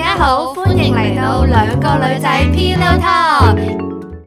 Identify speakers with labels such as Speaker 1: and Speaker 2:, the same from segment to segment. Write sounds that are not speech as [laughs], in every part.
Speaker 1: 大家好，歡迎嚟到兩個女仔 Pillow Talk。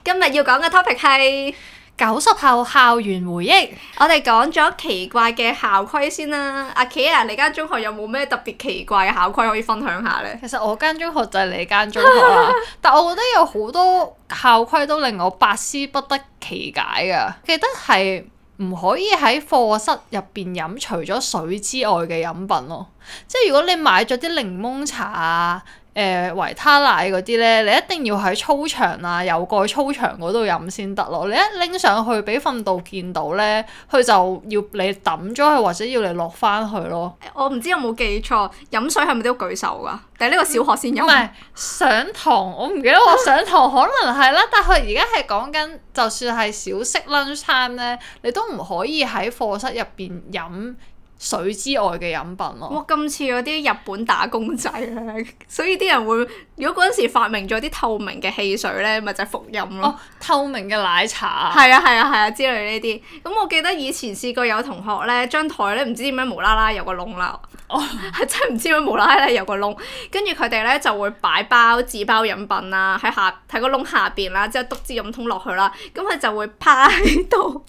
Speaker 1: 今日要講嘅 topic 係九十後校園回憶。我哋講咗奇怪嘅校規先啦。阿琪，i r 你間中學有冇咩特別奇怪嘅校規可以分享下呢？其實我間中學就係你間中學啦， [laughs] 但我覺得有好多校規都令我
Speaker 2: 百思不得其解嘅。記得係。唔可以喺課室入邊飲除咗水之外嘅飲品咯，即如果你買咗啲檸檬茶啊。誒、呃、維他奶嗰啲咧，你一定要喺操場啊、有過操場嗰度飲先得咯。你一拎上去俾訓導見到咧，佢就要你抌咗佢，或者要你落翻去咯。
Speaker 1: 我唔知有冇記錯，飲水係咪都要舉手噶？定係呢個小學先飲？唔係、嗯、上堂，我唔記得我上堂 [laughs] 可能係啦。但佢而家係
Speaker 2: 講緊，就算係小息 lunch time 咧，你都唔可以喺課室入邊飲水之外嘅飲品咯，哇！咁似
Speaker 1: 嗰啲日本打工仔 [laughs] [laughs] 所以啲人會，如果嗰陣時發明咗啲透明嘅汽水呢，咪就係伏飲咯、哦。透明嘅奶茶啊，係啊係啊係啊之類呢啲。咁我記得以前試過有同學呢，張台呢，唔知點解無啦啦有個窿啦，係、哦、真唔知點解無啦啦有個窿，跟住佢哋呢就會擺包紙包飲品啦，喺下喺個窿下邊啦，之後篤支飲筒落去啦，咁佢就會趴喺度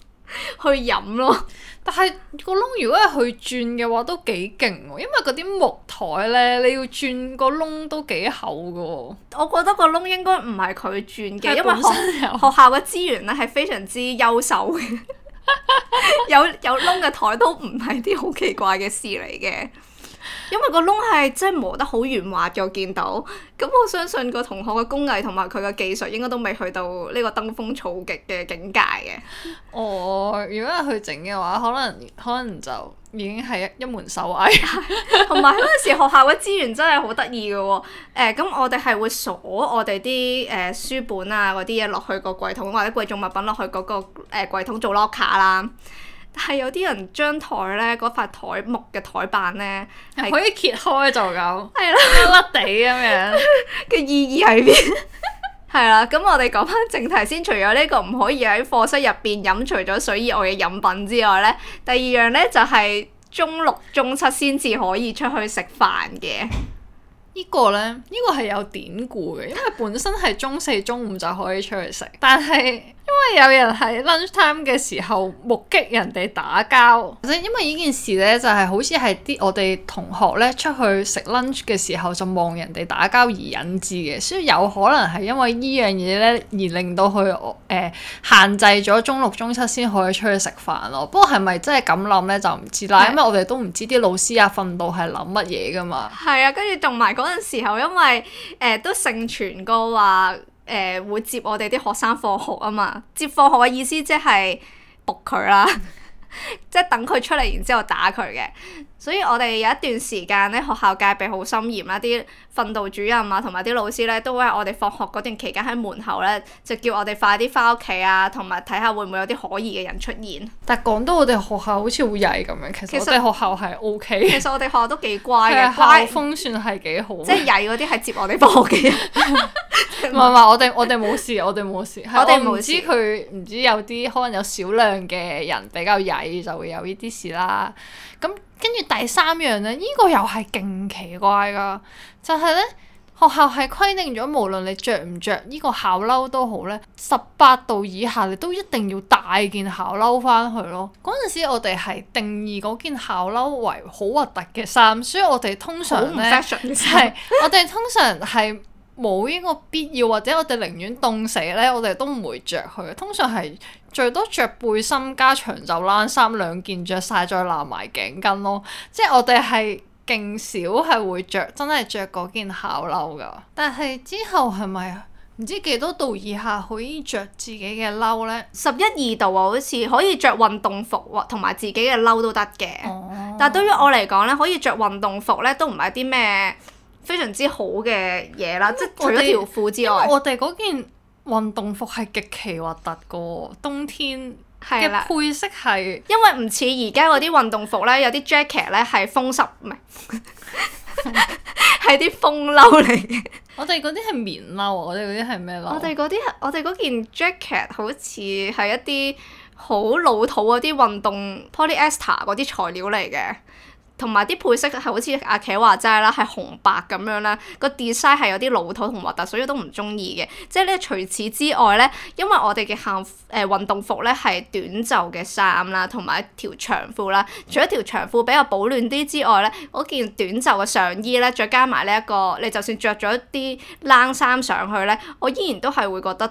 Speaker 1: 去飲咯。 [laughs] 但係個
Speaker 2: 窿如果係佢轉嘅話，都幾勁喎。因為嗰啲木台呢，你要轉個
Speaker 1: 窿都幾厚㗎。我覺得個窿應該唔係佢轉嘅，因為學,學校嘅資源咧係非常之優秀嘅。 [laughs] [laughs] 有有窿嘅台都唔係啲好奇怪嘅事嚟嘅。因為個窿係真係磨得好圓滑，我見到，咁我相信個同學嘅工藝同埋佢嘅技術應該都未去到呢個登峰造極嘅境界嘅。哦，如果係去整嘅話，可能可能就已經係一,一門手藝。同埋嗰陣時學校嘅資源真係好得意嘅喎。誒、呃，咁我哋係會鎖我哋啲誒書本啊嗰啲嘢落去個櫃桶，或者貴重物品落去嗰、嗰個誒櫃桶做 locker 啦。但係有啲人張台呢，嗰塊台木嘅台板呢，可以揭開就咁，係啦，凹甩地咁樣嘅 [laughs] 意義係邊？係 [laughs] 啦，咁我哋講翻正題先。除咗呢、呢個唔可以喺課室入邊飲除咗水以外嘅飲品之外呢，第二樣呢就係、係、中六中七先至可以出去食飯嘅。呢個
Speaker 2: 呢，呢、呢個係有典故嘅，因為本身係中四中五就可以出去食， [laughs] 但係。因為有人喺 lunch time 嘅時候目擊人哋打交，因為呢件事呢，就係、是、好似係啲我哋同學呢出去食 lunch 嘅時候就望人哋打交而引致嘅，所以有可能係因為呢樣嘢呢，而令到佢誒、呃、限制咗中六中七先可以出去食飯咯。不過係咪真係咁諗呢，就唔知啦，是因為我哋都唔知啲老師啊訓導係諗乜嘢噶嘛。
Speaker 1: 係啊，跟住同埋嗰陣時候，因為誒、呃、都盛傳過話。誒、呃、會接我哋啲學生放學啊嘛，接放學嘅意思即係伏佢啦，即係 [laughs] [laughs] 等佢出嚟，然之後打佢嘅。所以我哋有一段時間呢，學校戒備好森嚴啦啲。訓導主任啊，同埋啲老師咧，都會喺我哋放學嗰段期間喺門口咧，就叫我哋快啲翻屋企啊，同埋睇下會唔會有啲可疑嘅人出現。
Speaker 2: 但講到我哋學校好似會曳咁樣，其實,其實我哋學
Speaker 1: 校係 OK。其實我哋學校都幾乖嘅，校風算係幾好。的即係曳
Speaker 2: 嗰啲係接我哋放學嘅人，唔係唔係，我哋我哋冇事，我哋冇事。我哋唔知佢唔知有啲可能有少量嘅人比較曳，就會有呢啲事啦。咁跟住第三樣咧，呢、呢個又係勁奇怪噶。就係呢，學校係規定咗，無論你着唔着呢個校褸都好呢，十八度以下你都一定要帶件校褸返去咯。嗰陣時我哋係定義嗰件校褸為好核突嘅衫，所以我哋通常咧，係我哋通常係冇呢個必要，或者我哋寧願凍死呢我哋都唔會着佢。通常係最多着背心加長袖冷衫兩件着晒再攬埋頸巾咯。即係我哋係。勁少係會著，真係著嗰件校褸噶。
Speaker 1: 但係之後係咪唔知幾多度以下可以著自己嘅褸呢？十一二度啊，好似可以著運動服同埋自己嘅褸都得嘅。哦、但對於我嚟講呢，可以著運動服呢，都唔係啲咩非常之好嘅嘢啦。即，除咗條褲
Speaker 2: 之外，我哋嗰件運動服係極其核突㗎喎，
Speaker 1: 冬天。嘅配色係，因為唔似而家嗰啲運動服呢，有啲 jacket 呢係風濕，唔係係啲風褸嚟嘅。我
Speaker 2: 哋嗰啲係棉褸啊，我哋嗰啲係咩褸啊？我哋
Speaker 1: 嗰啲，我哋嗰件 jacket 好似係一啲好老土嗰啲運動 polyester 嗰啲材料嚟嘅。同埋啲配色係好似阿茄話齋啦，係紅白咁樣啦，個 design 係有啲老土同核突，所以都唔中意嘅。即係咧，除此之外咧，因為我哋嘅校誒運動服咧係短袖嘅衫啦，同埋一條長褲啦。除咗條長褲比較保暖啲之外咧，嗰件短袖嘅上衣咧，再加埋呢一個，你就算著咗一啲冷衫上去咧，我依然都係會覺得，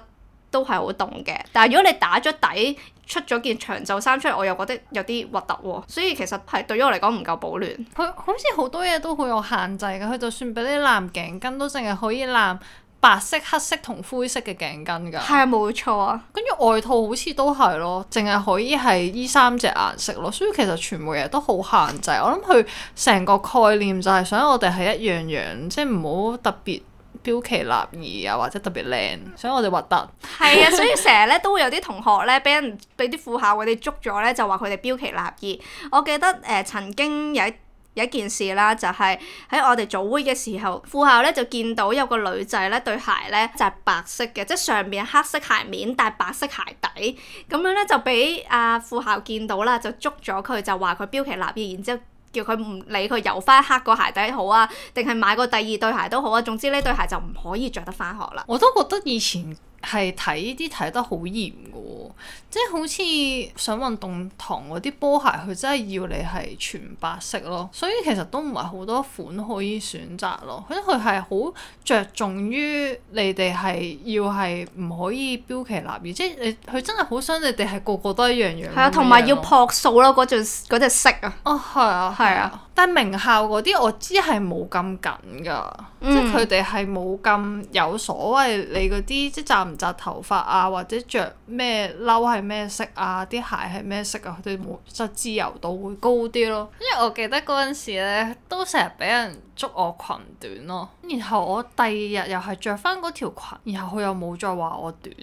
Speaker 1: 都係好凍嘅，但係如果你打咗底出咗件長袖衫出嚟，我又覺得有啲核突喎，所以其實係對於我嚟講唔夠保暖。
Speaker 2: 佢好似好多嘢都好有限制嘅，佢就算俾你藍頸巾都淨係可以藍白色、黑色同灰色嘅頸巾㗎。係啊，
Speaker 1: 冇錯啊。
Speaker 2: 跟住外套好似都係咯，淨係可以係依三隻顏色咯，所以其實全部嘢都好限制。我諗佢成個概念就係想我哋係一樣樣，即係唔好特別。標奇立異啊，或者特別靚，所以我哋核突。係啊，所以
Speaker 1: 成日咧都會有啲同學咧，俾人俾啲副校佢哋捉咗咧，就話佢哋標奇立異。我記得誒、呃、曾經有一一件事啦，就係、是、喺我哋早會嘅時候，副校咧就見到有個女仔咧對鞋咧就係、是、白色嘅，即係上面黑色鞋面，但係白色鞋底。咁樣咧就俾阿、啊、副校見到啦，就捉咗佢，就話佢標奇立異，然之後。叫佢唔理佢油翻黑個鞋底好啊，定係買個第二對鞋都好啊。總之呢對鞋就唔可以著得返學啦。
Speaker 2: 我都覺得以前。係睇啲睇得好嚴嘅，即係好似上運動堂嗰啲波鞋，佢真係要你係全白色咯，所以其實都唔係好多款可以選擇咯。佢佢係好着重於你哋係要係唔可以標奇立異，即係你佢真係好想你哋係個個都一樣樣。係、嗰隻嗰隻哦、啊，同埋要樸素啦，嗰隻色啊。哦，係啊，係啊。但係名校嗰啲，我知係冇咁緊噶，即佢哋係冇咁有所謂你嗰啲，即扎唔扎頭髮啊，或者着咩褸，係咩色啊，啲鞋係咩色啊，佢哋冇就自由度會高啲咯。因為我記得嗰陣時咧，都成日俾人捉我裙短咯，然後
Speaker 1: 我第二日又係着翻嗰條裙，然後佢又冇再話我短，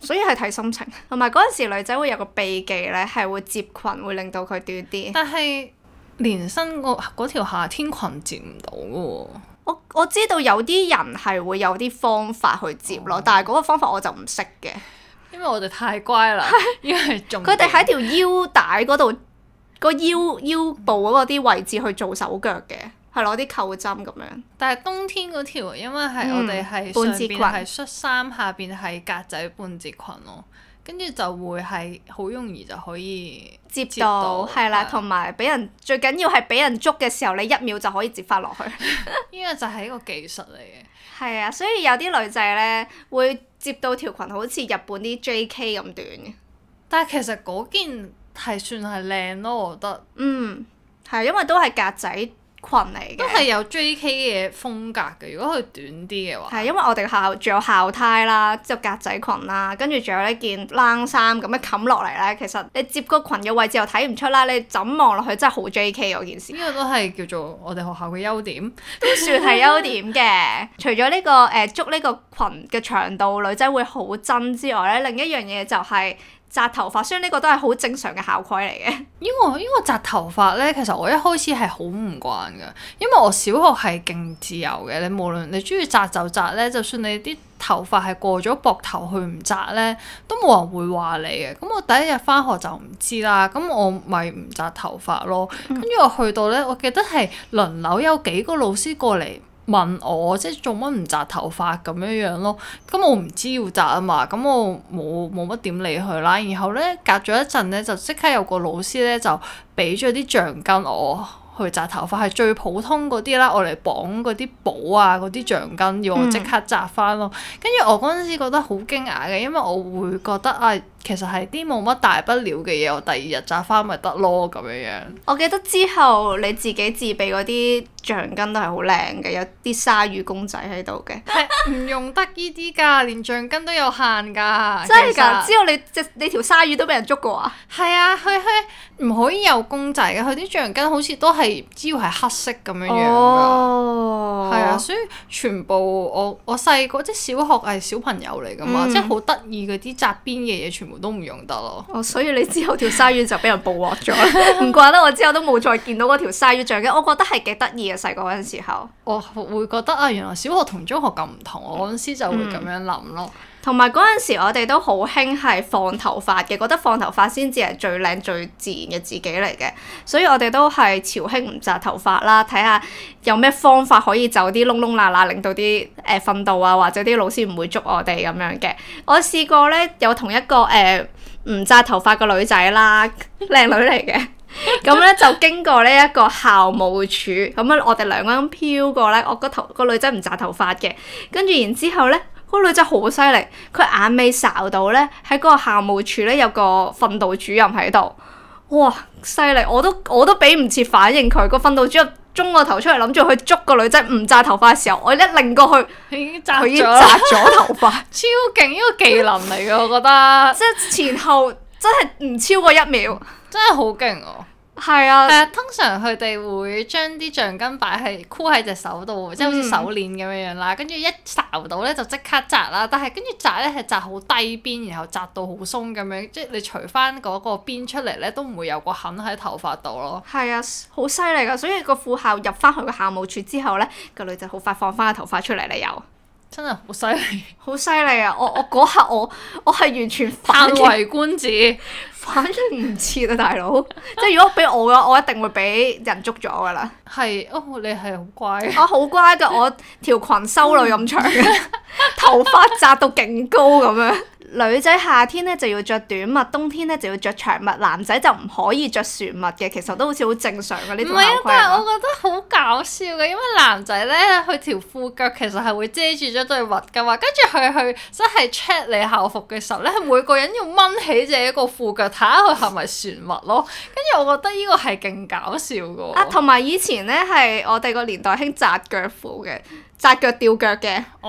Speaker 1: 所以係睇心情。同埋嗰陣時，女仔會有個秘技咧，係會摺裙，會令到佢短啲。但係。
Speaker 2: 連身嗰條夏天裙接唔到嘅喎，
Speaker 1: 我我知道有啲人係會有啲方法去接咯，哦、但係嗰個方法我就唔識嘅，因為我哋太乖啦。 [laughs] 因為佢哋喺條腰帶嗰度，個腰腰部嗰個啲位置去做手腳嘅，係攞啲扣針咁樣。
Speaker 2: 但係冬天嗰條，因為係我哋係、嗯、半截裙，係恤衫下邊係格仔半截裙咯，
Speaker 1: 跟住就會係好容易就可以。接到係啦，同埋俾人最緊要係俾人捉嘅時候，你一秒就可以接翻落去。
Speaker 2: 呢 [laughs] 個就係一個技術嚟
Speaker 1: 嘅。係啊，所以有啲女仔咧會接到條裙好似日本啲 J.K. 咁短嘅。但係其實嗰件係算係靚咯，我覺得。嗯，係因為都係格仔裙嚟嘅，都係有 J.K. 嘅風格嘅。如果佢短啲嘅話，係因為我哋學校仲有校呔啦，之後格仔裙啦，跟住仲有一件冷衫咁樣冚落嚟咧。其實你接個裙嘅位置又睇唔出啦，你怎望落去真係好 J.K. 嗰件事。呢個都係叫做我哋學校嘅優點，都算係優點嘅。 [laughs] 除咗呢、這個誒、呃，捉呢個裙嘅長度女仔會好憎之外咧，另一樣嘢就係、是。紮頭髮，所以呢個都係好正常嘅校規嚟嘅。
Speaker 2: 因為因為紮頭髮呢，其實我一開始係好唔慣㗎，因為我小學係勁自由嘅，你無論你中意紮就紮呢，就算你啲頭髮係過咗膊頭去唔紮呢，都冇人會話你嘅。咁我第一日翻學就唔知啦，咁我咪唔紮頭髮咯。嗯、跟住我去到呢，我記得係輪流有幾個老師過嚟。問我即係做乜唔紮頭髮咁樣樣咯？咁我唔知要紮啊嘛，咁我冇冇乜點理佢啦。然後呢，隔咗一陣呢，就即刻有個老師呢，就俾咗啲橡筋我去紮頭髮，係最普通嗰啲啦，我嚟綁嗰啲簿啊嗰啲橡筋要我即刻紮翻咯。跟住、嗯、我嗰陣時覺得好驚訝嘅，因為我會覺得啊～其實係啲冇乜大不了嘅嘢，我第二日紮翻咪得咯咁樣樣。
Speaker 1: 我記得之後你自己自備嗰啲橡筋都係好靚嘅，有啲鯊魚公仔喺度嘅。係，
Speaker 2: 唔用得呢啲㗎，連橡筋都有限㗎。真係㗎！之後你隻你條鯊魚都俾人捉過啊？係啊、嗯，佢佢唔可以有公仔㗎，佢啲橡筋好似都係只要係黑色咁樣樣㗎。係、哦嗯、啊，所以全部我我細個即係小學係小朋友嚟㗎嘛，即係好得意嗰啲紮邊
Speaker 1: 嘅嘢全都唔用得咯、哦，所以你之後條鯊魚就俾人捕獲咗，唔怪 [laughs] [laughs] 得我之後都冇再見到嗰條鯊魚在嘅。我覺得係幾得意嘅，細個嗰陣時候，我、哦、會覺得啊，原來小學同中學咁唔同，嗯、我嗰陣時就會咁樣諗咯。嗯同埋嗰陣時，我哋都好興係放頭髮嘅，覺得放頭髮先至係最靚、最自然嘅自己嚟嘅，所以我哋都係朝興唔紮頭髮啦，睇下有咩方法可以走啲窿窿罅罅，令到啲誒、呃、訓導啊或者啲老師唔會捉我哋咁樣嘅。我試過咧，有同一個誒唔紮頭髮個女仔啦，靚 [laughs] 女嚟嘅，
Speaker 2: 咁咧就
Speaker 1: 經過呢一個校務處，咁樣我哋兩個人飄過咧，我個頭個女仔唔紮頭髮嘅，跟住然之後咧。嗰女仔好犀利，佢眼尾睄到咧，喺嗰個校務處咧有個訓導主任喺度，哇，犀利！我都我都比唔切反應，佢個訓導主任，中個頭出嚟諗住去捉個女仔，唔紮頭髮嘅時候，我一擰過去，
Speaker 2: 佢已經紮咗頭
Speaker 1: 髮， [laughs] 超勁，呢個技能嚟嘅。 [laughs] [laughs] 我
Speaker 2: 覺得，即係前後真係唔超過一秒，嗯、真係好勁哦！係啊，誒、呃、通常佢哋會將啲橡筋擺喺箍喺隻手度，即係好似手鏈咁樣樣啦。跟住、嗯、一摺到咧就即刻紮啦，但係跟住紮咧係紮好低邊，然後紮到好鬆咁樣，即你除翻嗰個邊出嚟咧都唔會有個痕喺頭髮度咯。
Speaker 1: 係啊，好犀利㗎！所以個副校入翻去個校務處之後咧，個女仔好快放翻個頭髮出嚟啦又。真係 [laughs] 好犀利，好犀利啊！我我嗰刻我我係完全反，眼為觀止，反應唔切啊！大佬， [laughs] 即係如果俾我嘅，我一定會俾人捉咗㗎啦。係 [laughs] 哦，你係、啊、好乖啊，我好乖㗎，我條裙修女咁長， [laughs] [laughs] 頭髮紮到勁高咁樣。女仔夏天咧就要着短襪，冬天咧就要着長襪。男仔就唔可以着船襪嘅，其實都好似好正常嘅呢啲校規咯。唔係啊，是但係我覺
Speaker 2: 得好搞笑嘅，因為男仔咧佢條褲腳其實係會遮住咗對襪噶嘛。跟住佢去真係 check 你校服嘅時候咧，每個人要掹起自己個褲腳睇下佢係咪船襪咯。跟住我覺得呢個係勁搞笑嘅。啊，同
Speaker 1: 埋以前咧係我哋個年代興窄腳褲嘅。扎腳吊腳嘅，係啲、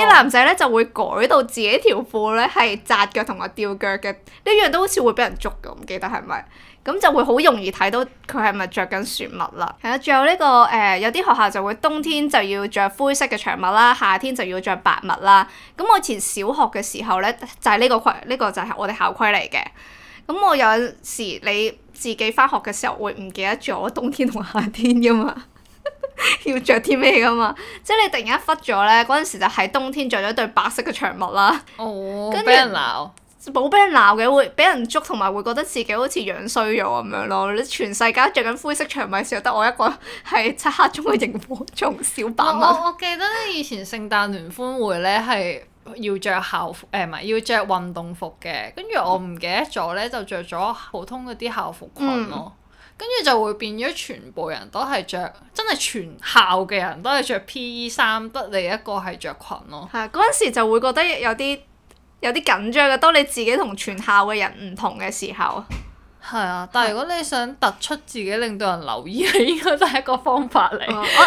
Speaker 1: oh. 男仔咧就會改到自己條褲咧係扎腳同埋吊腳嘅，呢樣都好似會俾人捉嘅，唔記得係咪？咁就會好容易睇到佢係咪着緊船襪啦。係啦、這個，仲有呢個誒，有啲學校就會冬天就要着灰色嘅長襪啦，夏天就要着白襪啦。咁我以前小學嘅時候咧就係、是、呢個規，呢、這個就係我哋校規嚟嘅。咁我有時你自己返學嘅時候會唔記得咗冬天同夏天噶嘛？要著啲咩㗎嘛？即係你突然間忽咗咧，嗰陣時就喺冬天著咗對白色嘅長襪啦。哦、跟住俾人鬧，冇俾人鬧嘅，會俾人捉同埋會覺得自己好似樣衰咗咁樣咯。你全世界著緊灰色長襪嘅時候，得我一個係漆黑中嘅螢火蟲，小白、哦。我我記得以前
Speaker 2: 聖誕聯歡會咧係要著校服，誒唔係要著運動服嘅，跟住我唔記得咗咧，就著咗普通嗰啲校服裙咯。嗯跟住就會變咗，全部人都係着，真係全校嘅人都係着 P.E. 衫，得
Speaker 1: 你一個係着裙咯。係啊，嗰陣時就會覺得有啲有啲緊張嘅，當你自己同全校嘅人唔同嘅時候。係 [laughs] 啊，但係如果你想突出自己，令到人留意，應該都係一個方法嚟、啊啊。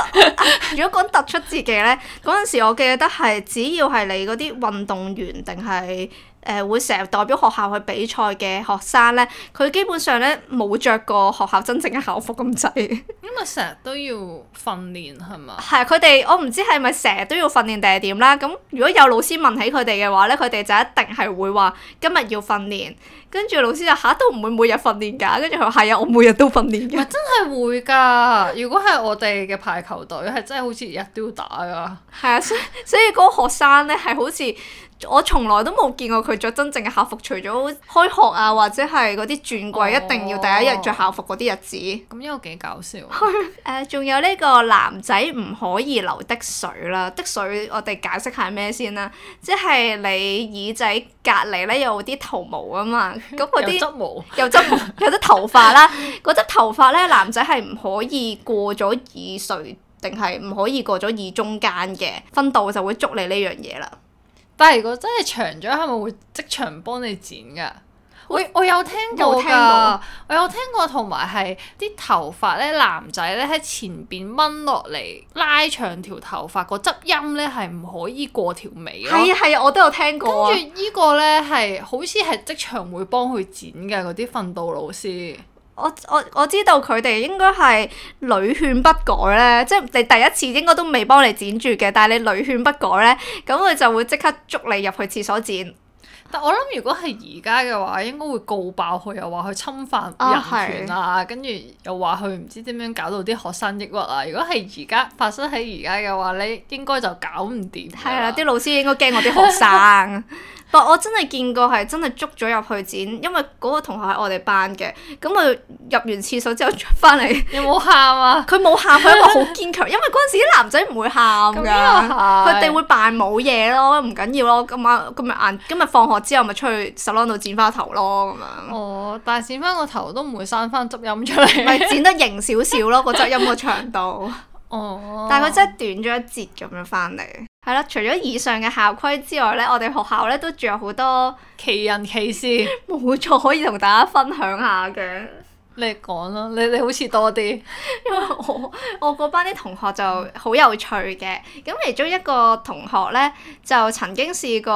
Speaker 1: 如果講突出自己呢，嗰陣 [laughs] 時我記得係，只要係你嗰啲運動員定係。誒、呃、會成日代表學校去比賽嘅學生呢，佢基本上呢冇着過學校真正嘅校服咁滯。
Speaker 2: 因為成日都要訓練係嘛？
Speaker 1: 係，佢哋我唔知係咪成日都要訓練定係點啦。咁如果有老師問起佢哋嘅話呢，佢哋就一定係會話今日要訓練。跟住老師就嚇、啊、都唔會每日訓練㗎。跟住佢話係啊，我每日都訓練嘅。真係會㗎？如果係我哋嘅排球隊係真係好似日都要打㗎。係 [laughs] 啊，所以所以嗰個學生呢，係好似。我從來都冇見過佢著真正嘅校服，除咗開學啊，或者係嗰啲轉季、oh, 一定要第一日著校服嗰啲日子。咁一、哦、個幾搞笑。係、 [laughs] 呃。仲有呢、呢個男仔唔可以留滴水啦，滴水我哋解釋下咩先啦，即係你耳仔隔離呢有啲頭毛啊嘛，咁嗰啲有執毛，毛，有執有執頭髮啦，嗰執 [laughs] 頭髮呢，男仔係唔可以過咗耳垂，定係唔可以過咗耳中間嘅分度，就會捉你呢樣嘢啦。但係如果真係長咗，係咪會即場幫你
Speaker 2: 剪噶？我我有聽過噶，我有聽過，同埋係啲頭髮咧，男仔咧喺前邊掹落嚟拉長條頭髮，個側音咧係唔可以過條尾嘅。係啊係
Speaker 1: 啊，我都有聽過。跟住呢個咧係，好似係即場會幫佢剪嘅嗰啲訓導老師。我我我知道佢哋應該係屢勸不改咧，即係你第一次應該都未幫你剪住嘅，但係你屢勸不改咧，咁佢就會即刻捉你入去廁所剪。但我諗如果
Speaker 2: 係而家嘅話，應該會告爆佢，又話佢侵犯人權啊，跟住又話佢唔知點樣搞到啲學生抑鬱啊。如果係而家發生喺而家嘅話，你應該就搞唔掂。
Speaker 1: 係啦，啲老師應該驚我啲學生。 [laughs] 唔，但我真係見過係真係捉咗入去剪，因為嗰個同學係我哋班嘅，咁佢入完廁所之後翻嚟。有冇喊啊？佢冇喊，佢因為好堅強， [laughs] 因為嗰陣時啲男仔唔會喊㗎，佢哋會扮冇嘢咯，唔緊要咯。咁晚今日晏今日放學之後咪出去 salon 度剪翻頭咯咁樣。哦、但係剪翻個頭都唔會散翻執音出嚟，咪 [laughs] [laughs] 剪得型少少咯，個執音個長度。哦、但係佢真係短咗一截咁樣翻嚟。係啦，除咗以上嘅校規之外呢，我哋學校呢都仲有好多奇人奇事。冇錯，可以同大家分享下嘅。你講啦，你你好似多啲， [laughs] 因為我我嗰班啲同學就好有趣嘅，咁、嗯、其中一個同學咧就曾經試過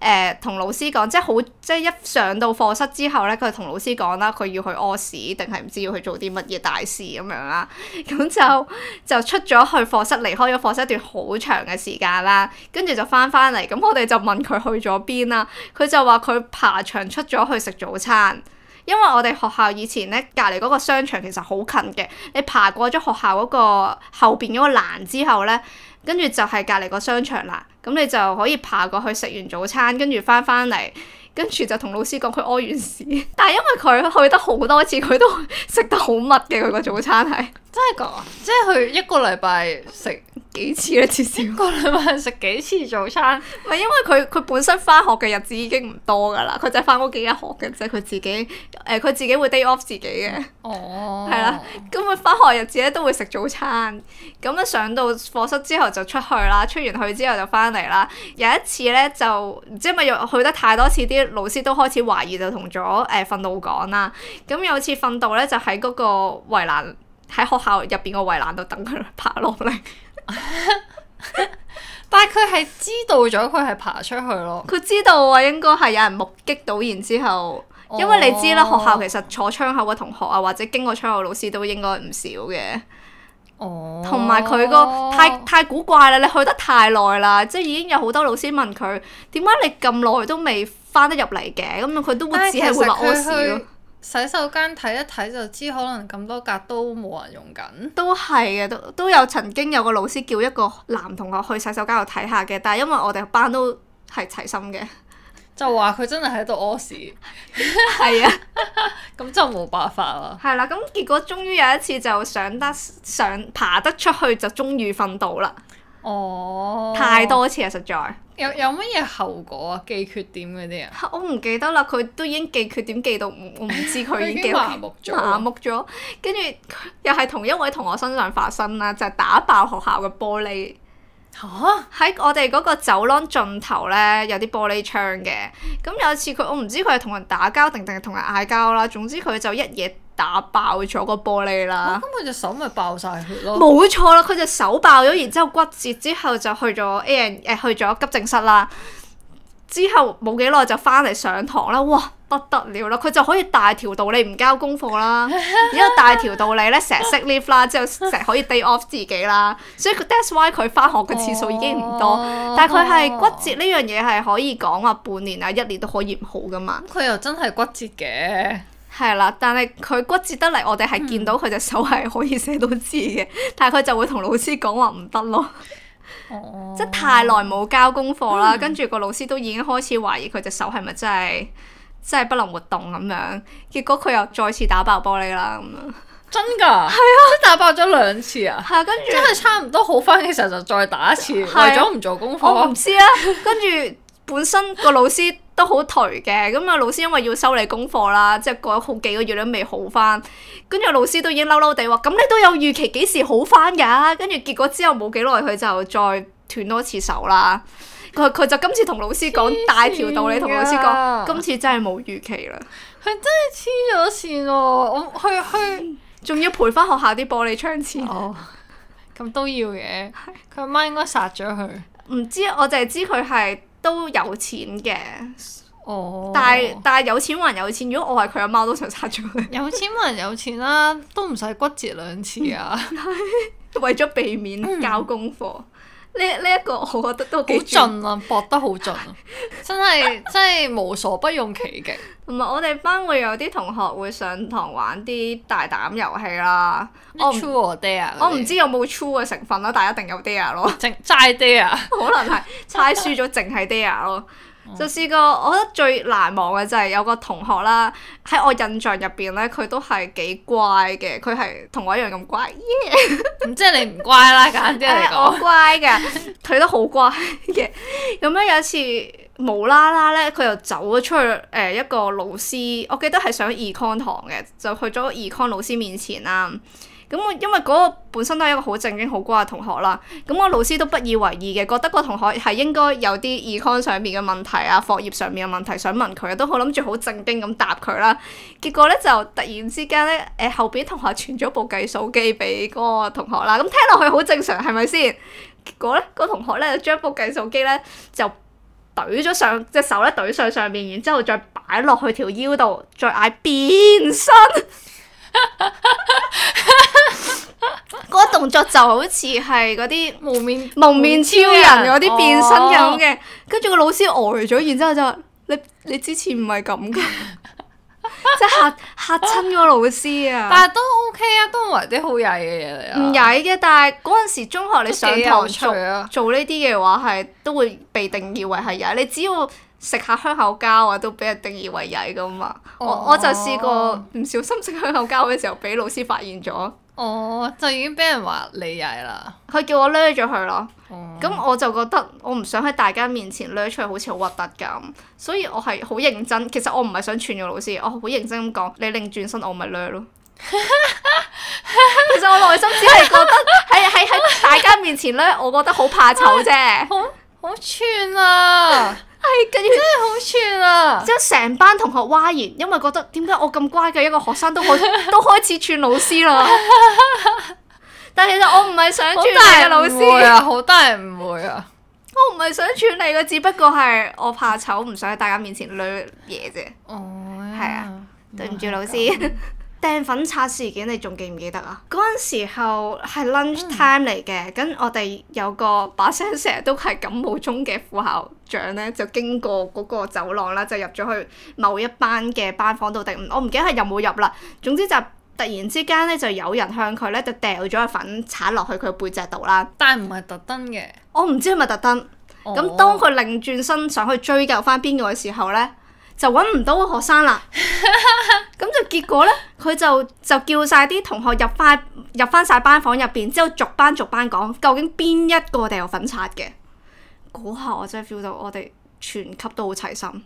Speaker 1: 誒同、呃、老師講，即係好即係一上到課室之後咧，佢同老師講啦，佢要去屙屎定係唔知要去做啲乜嘢大事咁樣啦，咁就就出咗去課室，離開咗課室一段好長嘅時間啦，跟住就翻翻嚟，咁我哋就問佢去咗邊啦，佢就話佢爬牆出咗去食早餐。因為我哋學校以前咧隔離嗰個商場其實好近嘅，你爬過咗學校嗰個後邊嗰個欄之後咧，跟住就係隔離個商場啦。咁你就可以爬過去食完早餐，跟住返返嚟，跟住就同老師講佢屙完屎。 [laughs] 但係因為佢去得好多次，佢都食得好密嘅，佢個早餐係 [laughs] 真係㗎，即係佢一個禮拜食。幾次咧？至少個禮拜去食幾次早餐？唔係 [laughs] 因為佢佢本身返學嘅日子已經唔多㗎啦，佢就係返屋企一學嘅啫。佢自己誒佢、呃、自己會 day off 自己嘅。哦、
Speaker 2: oh.，係、嗯、啦，
Speaker 1: 咁佢返學日子咧都會食早餐。咁、嗯、啊上到課室之後就出去啦，出完去之後就翻嚟啦。有一次咧就唔知係咪去得太多次，啲老師都開始懷疑就，就同咗誒訓導講啦。咁、嗯、有次訓導咧就喺嗰個圍欄喺學校入邊個圍欄度等佢爬落嚟。 [laughs] [laughs] 但係佢係知道咗，佢係爬出去咯。佢知道啊，應該係有人目擊到，然之後，oh. 因為你知啦，學校其實坐窗口嘅同學啊，或者經過窗口老師都應該唔少嘅。oh. 同埋佢個太太古怪啦，你去得太耐啦，即係已經有好多老師問佢，點解你咁耐都未翻得入嚟嘅？咁樣佢都會只係會話屙屎
Speaker 2: 洗手間睇一睇就知，可能咁多格
Speaker 1: 都冇人用緊。都係嘅，都都有曾經有個老師叫一個男同學去洗手間度睇下嘅，但係因為我哋班都係齊心嘅，就話佢真係喺度屙屎。係 [laughs] 啊 [laughs] 是的，咁 [laughs] 就冇辦法啦。係啦，咁 [laughs] 結果終於有一次就上得上爬得出去就終於，就終於瞓到啦。哦，太多次啊！實在有有乜嘢後果啊？記缺點嗰啲啊，我唔記得啦。佢都已經記缺點記到，我唔知佢已經麻木咗。麻木咗，跟住又係同一位同學身上發生啦，就係打爆學校嘅玻璃。嚇、啊！喺我哋嗰個走廊盡頭呢，有啲玻璃窗嘅。咁有一次佢，我唔知佢係同人打交定定係同人嗌交啦。總之佢就一嘢。打爆咗個玻璃啦，哦！咁佢隻手咪爆晒血咯！冇錯啦，佢隻手爆咗，然之後骨折之後就去咗 A、 [laughs] 哎呃、去咗急症室啦。之後冇幾耐就翻嚟上堂啦，哇不得了啦！佢就可以大條道理唔交功課啦，然之後大條道理咧成日 sick leave 啦，之後成日可以 day off 自己啦。所以 that's why 佢翻學嘅次數已經唔多，哦、但係佢係骨折呢樣嘢係可以講話半年啊一年都可以唔好噶嘛。佢、嗯、又真係骨折嘅。係啦，但係佢骨折得嚟，我哋係見到佢隻手係可以寫到字嘅，嗯、但係佢就會同老師講話唔得咯。哦、 [laughs] 即太耐冇交功課啦，跟住、嗯、個老師都已經開始懷疑佢隻手係咪真係真係不能活動咁樣。結果佢又再次打爆玻璃啦咁啊！真噶，係啊，打爆咗兩次啊！係啊，跟住即係差唔多好翻嘅時候就再打一次，的為咗唔做功課。我唔知啊，跟住。 [laughs] [laughs] 本身個老師都好攰頹嘅，咁啊老師因為要收你功課啦，即係過咗好幾個月都未好翻，跟住老師都已經嬲嬲地話：咁你都有預期幾時好翻㗎？跟住結果之後冇幾耐，佢就再斷多次手啦。佢佢就今次同老師講大條道理，你同的老師講今次真係冇預期啦。
Speaker 2: 佢真係黐咗線喎、哦！我佢佢仲要賠
Speaker 1: 翻學校啲玻璃窗錢，咁、哦、都要嘅。佢阿媽，媽應該殺咗佢。唔知我就係知佢係。都有錢嘅，oh，但係，但係有錢還有錢。如果我係佢阿媽，我都想殺咗佢。 [laughs] 有錢還有錢啦，啊，都唔使骨折兩次啊！係 [laughs] [laughs] 為咗避免交功課。嗯呢呢一
Speaker 2: 個我覺得都好盡啊，搏得好盡啊，真係真係無所不用其極。
Speaker 1: 同埋 [laughs] 我哋班會有啲同學會上堂玩啲大膽遊戲啦。 [laughs] 我唔不知有冇 true 嘅成分啦，但係一定有 dare 咯，猜 dare [laughs] 可能係猜輸咗，淨係 [laughs] dare 咯。就試過，我覺得最難忘嘅就係有個同學啦，喺我印象入邊咧，佢都係幾乖嘅。佢係同我一樣咁乖，唔知係你唔乖啦，簡直係、 [laughs] 呃、我乖嘅，佢都好乖嘅。咁 [laughs] 咧有一次無啦啦咧，佢又走咗出去，誒、呃、一個老師，我記得係上 Econ 堂嘅，就去咗 Econ 老師面前啦。咁因為嗰個本身都係一個好正經、好乖嘅同學啦，咁個老師都不以為意嘅，覺得個同學係應該有啲 Econ 上面嘅問題啊、課業上面嘅問題，想問佢，都好諗住好正經咁答佢啦。結果咧就突然之間咧，誒後邊同學傳咗部計數機俾嗰個同學啦，咁聽落去好正常係咪先？結果咧，個同學咧就將部計數機咧就懟咗上隻手咧懟上上面，然之後再擺落去條腰度，再嗌變身。嗰 [laughs] 個動作就好似係嗰啲蒙面蒙面超人嗰啲人變身咁嘅，跟住個老師呆咗，然之後就話你你之前唔係咁嘅， [laughs] 即係嚇嚇親咗老師啊！但係都 OK 啊，都為啲好曳嘅嘢嚟，唔曳嘅。但係嗰陣時中學你上堂做做呢啲嘅話，係都會被定義為係曳。你只要。食下香口膠啊，都俾人定義為曳噶嘛！Oh，我我就試過唔小心食香口膠嘅時候，俾老師發現咗。哦，oh，就已經俾人話你曳啦。佢叫我掠咗佢咯。哦。咁我就覺得我唔想喺大家面前掠出去，好似好核突咁，所以我係好認真。其實我唔係想串個老師，我好認真咁講，你另轉身我，我咪掠咯。其實我內心只係覺得喺喺喺大家面前掠，我覺得好怕醜啫。好，好串啊！係，跟住真係好串啊！即係成班同學嘩然，因為覺得點解我咁乖嘅一個學生都開 [laughs] 都開始串老師啦？ [laughs] 但係其實我唔係想串你嘅老師 [laughs] 啊，好多人誤會啊！我唔係想串你嘅，只不過係我怕醜，唔想喺大家面前捋嘢啫。哦、oh yeah, 的，係啊，對唔住老師。 [laughs] 掟粉擦事件你仲記唔記得啊？嗰陣時候係 lunch time 嚟嘅，咁、嗯、我哋有個把聲成日都係感冒中嘅副校長咧，就經過嗰個走廊啦，就入咗去某一班嘅班房度掟。我唔記得係入冇入啦。總之就突然之間咧，就有人向佢咧就掉咗個粉擦落去佢背脊度啦。但係唔係特登嘅。我唔知係咪特登。
Speaker 2: 咁、哦、當佢
Speaker 1: 擰轉身想去追究翻邊個嘅時候咧，就揾唔到學生啦，咁 [laughs] 就結果呢，佢就就叫晒啲同學入翻入翻晒班房入邊，之後逐班逐班講，究竟邊一個掉粉刷嘅？嗰下我真係 feel 到我哋全級都好齊心。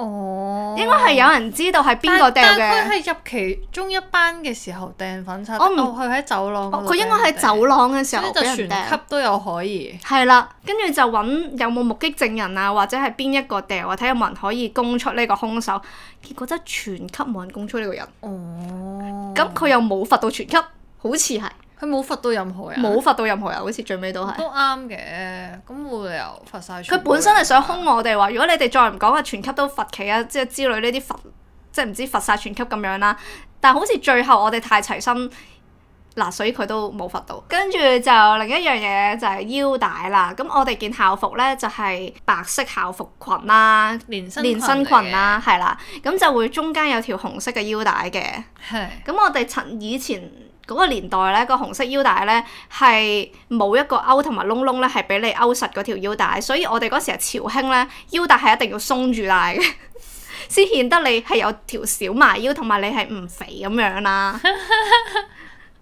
Speaker 1: 哦，應該係有人知道係邊個掟嘅。佢係入其中一班嘅時候掟粉
Speaker 2: 擦。不哦，唔係喺走廊掟掟。佢、哦、應該喺走廊
Speaker 1: 嘅時候落嚟掟，咁全級都有可以。係啦，跟住就揾有冇目擊證人啊，或者係邊一個掟，或者有冇人可以供出呢個兇手。結果真係全級冇人供出呢個人。哦。咁佢又冇罰到全級，好似係。佢冇罰到任何人，冇罰到任何人，好似最尾都係都
Speaker 2: 啱嘅。咁冇理由罰曬。佢本身係想
Speaker 1: 兇我哋話，如果你哋再唔講話，全級都罰企啊，即係之類呢啲罰，即係唔知罰晒全級咁樣啦。但好似最後我哋太齊心，嗱、啊，所以佢都冇罰到。跟住就另一樣嘢就係腰帶啦。咁我哋件校服咧就係、是、白色校服裙啦、啊，連身裙，連身裙、啊、啦，係啦。咁就會中間有條紅色嘅腰帶嘅。係的。咁我哋曾以前。嗰個年代咧，個紅色腰帶咧係冇一個勾同埋窿窿咧，係俾你勾實嗰條腰帶，所以我哋嗰時係潮興咧，腰帶係一定要鬆住帶嘅，先 [laughs] 顯得你係有條小蠻腰同埋你係唔肥咁樣啦。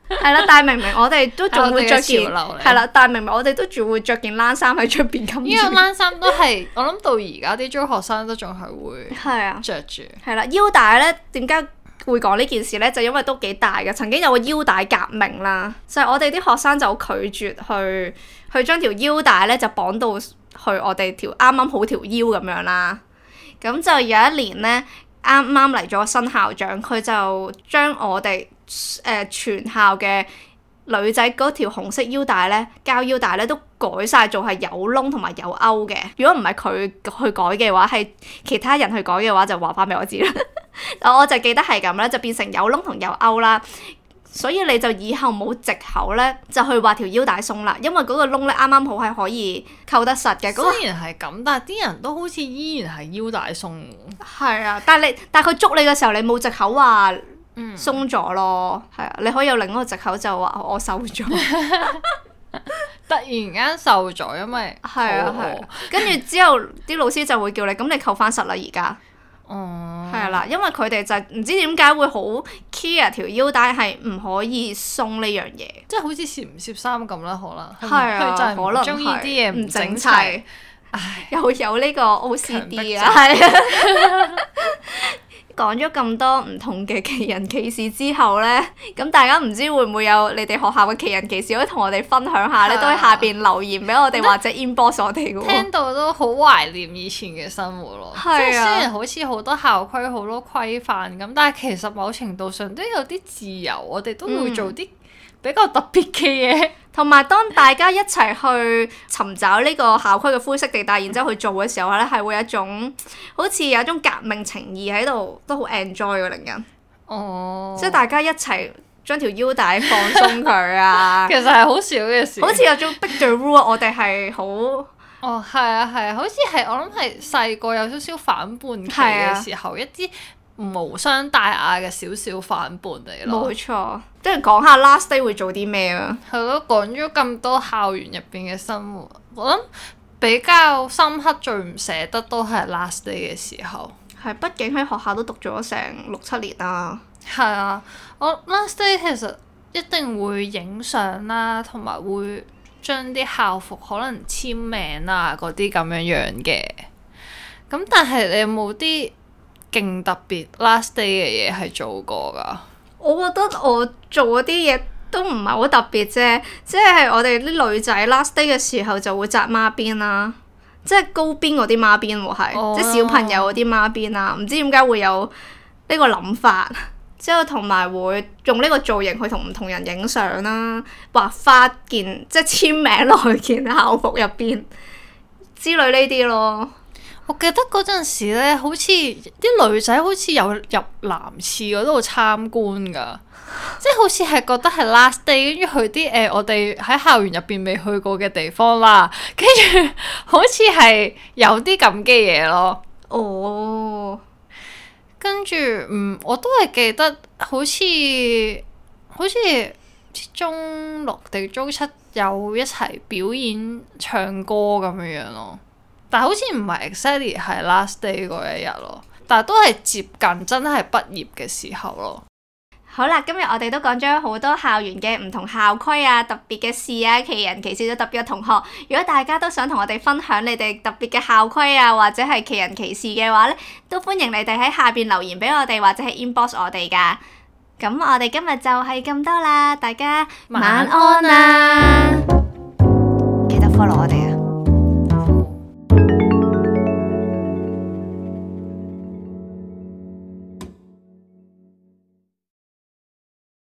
Speaker 1: 係啦， [laughs] 但係明明我哋都仲會着潮流係啦，但係明明我哋都仲會着件冷衫喺出邊咁。呢個冷衫都係 [laughs] 我諗到而家啲中學生都仲係會係啊著住。係啦，腰帶咧點解，會講呢件事咧，就因為都幾大嘅，曾經有個腰帶革命啦，就係、我哋啲學生就拒絕去去將條腰帶咧，就綁到去我哋條啱啱好條腰咁樣啦。咁就有一年咧，啱啱嚟咗新校長，佢就將我哋誒、呃、全校嘅女仔嗰條紅色腰帶咧，膠腰帶咧都改晒做係有窿同埋有勾嘅。如果唔係佢去改嘅話，係其他人去改嘅話，就話翻俾我知啦。 [laughs] 我就記得係咁啦，就變成有窿同有勾啦。所以你就以後冇藉口咧，就去話條腰帶鬆啦。因為嗰個窿咧啱啱好係可以扣得實嘅。雖然係咁，但係啲人都好似依然係腰帶鬆。係啊，但係你但係佢捉你嘅時候，你冇藉口話鬆咗咯。係、嗯、啊，你可以有另一個藉口就話我瘦咗。 [laughs] [laughs] 突然間瘦咗，因為係啊係。跟住之後，啲老師就會叫你咁，你扣翻實啦。而家。哦，係啦、uh，因為佢哋就唔知點解會好 care 條腰帶，係唔可以鬆呢樣嘢，
Speaker 2: 即係好似攝唔攝衫咁啦，啊、可能。係啊，就可能中意啲嘢唔整齊，整齊，唉，
Speaker 1: 又有呢個 OCD 啊，係啊。講咗咁多唔同嘅奇人奇事之後呢，咁大家唔知會唔會有你哋學校嘅奇人奇事、啊、可以同我哋分享下呢？都喺下邊留言俾我哋或者 inbox 我哋。聽到都好懷念以前嘅生活咯，即係、啊、雖然
Speaker 2: 好似好多校規好多規範咁，但係其實某程度上都有啲自由，我哋都會做啲。
Speaker 1: 嗯比較特別嘅嘢，同埋當大家一齊去尋找呢個校規嘅灰色地帶，然之後去做嘅時候咧，係會有一種好似有一種革命情義喺度，都好 enjoy 喎，令人哦，即係大家一齊將條腰帶放鬆佢啊， [laughs] 其實係好少嘅事，好似有種迫住 rule，我哋係好
Speaker 2: 哦，係啊係，好似係我諗係細個有少少反叛期嘅時候、啊、一啲。無傷大雅嘅小小反叛嚟咯，冇錯。即係講下 last day 會做啲咩啊？係咯，講咗咁多校園入邊嘅生活，我諗比較深刻最唔捨得都係 last day 嘅時候。係，畢竟喺學校都讀咗成六七年啦。係啊，我 last day 其實一定會影相啦，同埋會將啲校服可能簽名啊嗰啲咁樣樣嘅。咁但係你有冇啲？勁特別，last day 嘅嘢係做過噶。
Speaker 1: 我覺得我做嗰啲嘢都唔係好特別啫，即係我哋啲女仔 last day 嘅時候就會紮孖辮啦，即係高邊嗰啲孖辮，係即、oh. 小朋友嗰啲孖辮啦。唔知點解會有呢個諗法，之後同埋會用呢個造型去同唔同人影相啦，畫花件即係簽名落去件校服入邊之類呢啲咯。我記得嗰陣時咧，好似啲
Speaker 2: 女仔好似有入男廁嗰度參觀㗎， [laughs] 即係好似係覺得係 last day，跟住去啲誒、呃、我哋喺校園入邊未去過嘅地方啦，跟住好似係有啲咁嘅嘢咯。哦，跟住嗯，我都係記得好似好似中六定中七有一齊表演唱歌咁樣樣咯。但好似唔係 exactly 係 last day 嗰一日咯，但係都係接近真係畢業嘅時候咯。
Speaker 1: 好啦，今日我哋都講咗好多校園嘅唔同校規啊，特別嘅事啊，奇人奇事都特別嘅同學。如果大家都想同我哋分享你哋特別嘅校規啊，或者係奇人奇事嘅話咧，都歡迎你哋喺下邊留言俾我哋，或者係 inbox 我哋噶。咁我哋今日就係咁多啦，大家晚安啦，晚安啦，記得 follow 我哋啊。